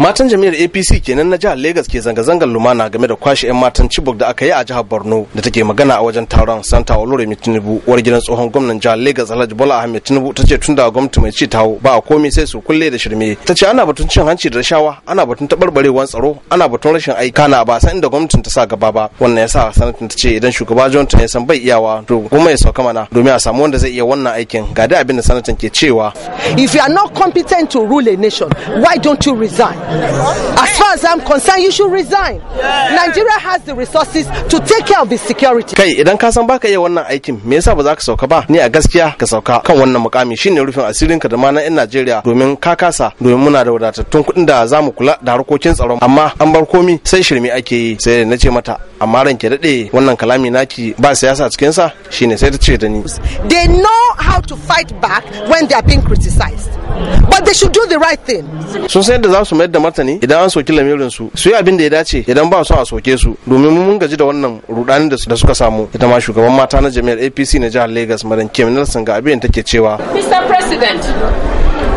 matan jami'ar apc kenan na jihar Legas ke zanga-zangar lumana game da kwashe 'yan matan chibok da aka yi a jihar borno da take magana a wajen taron santa oloremi tinubu uwar gidan tsohon gwamnan jihar Legas alhaji bola ahmed tinubu ta ce tun da gwamnati mai ci tawo ba a komai sai su kulle da shirme ta ce ana batun cin hanci da rashawa ana batun taɓarɓarewar tsaro ana batun rashin aika na ba san inda gwamnatin ta sa gaba ba wannan ya sa sanatin ta ce idan shugaba johnson ya san bai iyawa to kuma ya sauka mana domin a samu wanda zai iya wannan aikin ga da abin da sanatin ke cewa if you are not competent to rule a nation why don't you resign As far as I'm concerned, you should resign. Nigeria has the resources to take care of the security. Kai idan ka san baka iya wannan aikin, me yasa ba za ka sauka ba? Ni a gaskiya ka sauka kan wannan mukami shine rufin asirin ka da ma na 'yan Najeriya domin ka kasa domin muna da wadatattun kuɗin da za mu kula da harkokin tsaron Amma an bar komi sai shirme ake yi sai na ce mata amma ranke daɗe wannan kalami naki ba siyasa cikin sa shine sai ta ce da ni. They know how to fight back when they are being criticized. But they should do the right thing. So sai da za su mayar da martani idan an soki lamirin su su yi abin da ya dace idan ba su a soke su domin mun gaji da wannan rudanin da suka samu ita ma shugaban mata na jami'ar APC na jihar Lagos Madan Kim Nelson ga abin take cewa Mr President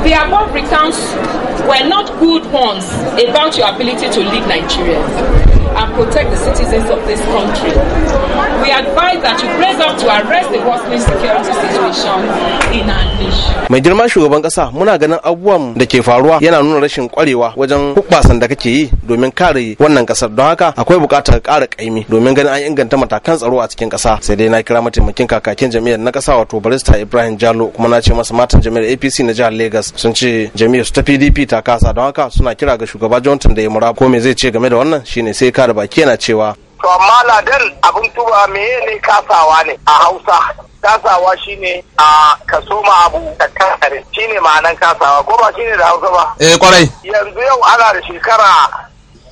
the above recounts were not good ones about your ability to lead Nigeria and protect the citizens of this country. Mai girma shugaban kasa muna ganin abubuwan da ke faruwa yana nuna rashin kwarewa wajen hukbasan da kake yi domin kare wannan kasar don haka akwai bukatar ƙara ƙaimi domin ganin an inganta matakan tsaro a cikin kasa sai dai na kira mataimakin kakakin jami'ar na kasa wato barista Ibrahim Jalo kuma na ce masa matan jami'ar APC na jihar Lagos sun ce jami'ar su ta PDP ta kasa don haka suna kira ga shugaba Johnson da ya mura ko me zai ce game da wannan shine sai ka baki yana cewa to amma ladan abin tuba meye ne kasawa ne a hausa kasawa shine a kaso ma abu da kasare shine ma'anan kasawa ko ba shine da hausa ba eh kwarai yanzu yau ana da shekara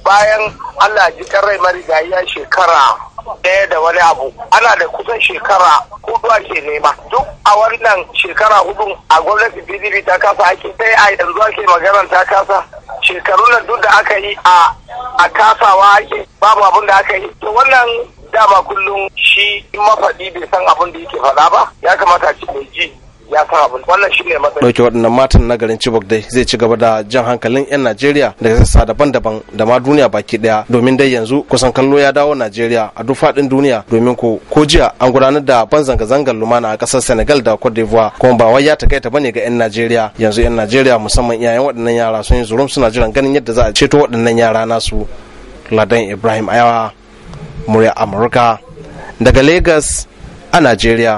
bayan Allah ji karai rai marigayiya shekara ɗaya da wani abu ana da kusan shekara hudu ake nema duk a wannan shekara hudu a gwamnati pdp ta kasa ake sai a yanzu ake maganar ta kasa shekarun nan duk da aka yi a a kasawa babu abin da aka yi to wannan dama kullum shi mafaɗi bai san abin da yake faɗa ba ya kamata ce mai ji ya san abin wannan shi ne matsayi dauke waɗannan matan na garin Chibok dai zai ci gaba da jan hankalin 'yan Najeriya daga sassa daban-daban da ma duniya baki daya domin dai yanzu kusan kallo ya dawo Najeriya a duk faɗin duniya domin ko ko jiya an gudanar da ban zanga-zangar lumana a ƙasar Senegal da Cote d'Ivoire kuma ba wai ya takaita bane ga 'yan Najeriya yanzu 'yan Najeriya musamman iyayen waɗannan yara sun yi zurum suna jiran ganin yadda za a ceto waɗannan yara nasu Ladan Ibrahim Ayawa murya Amurka daga Lagos a Najeriya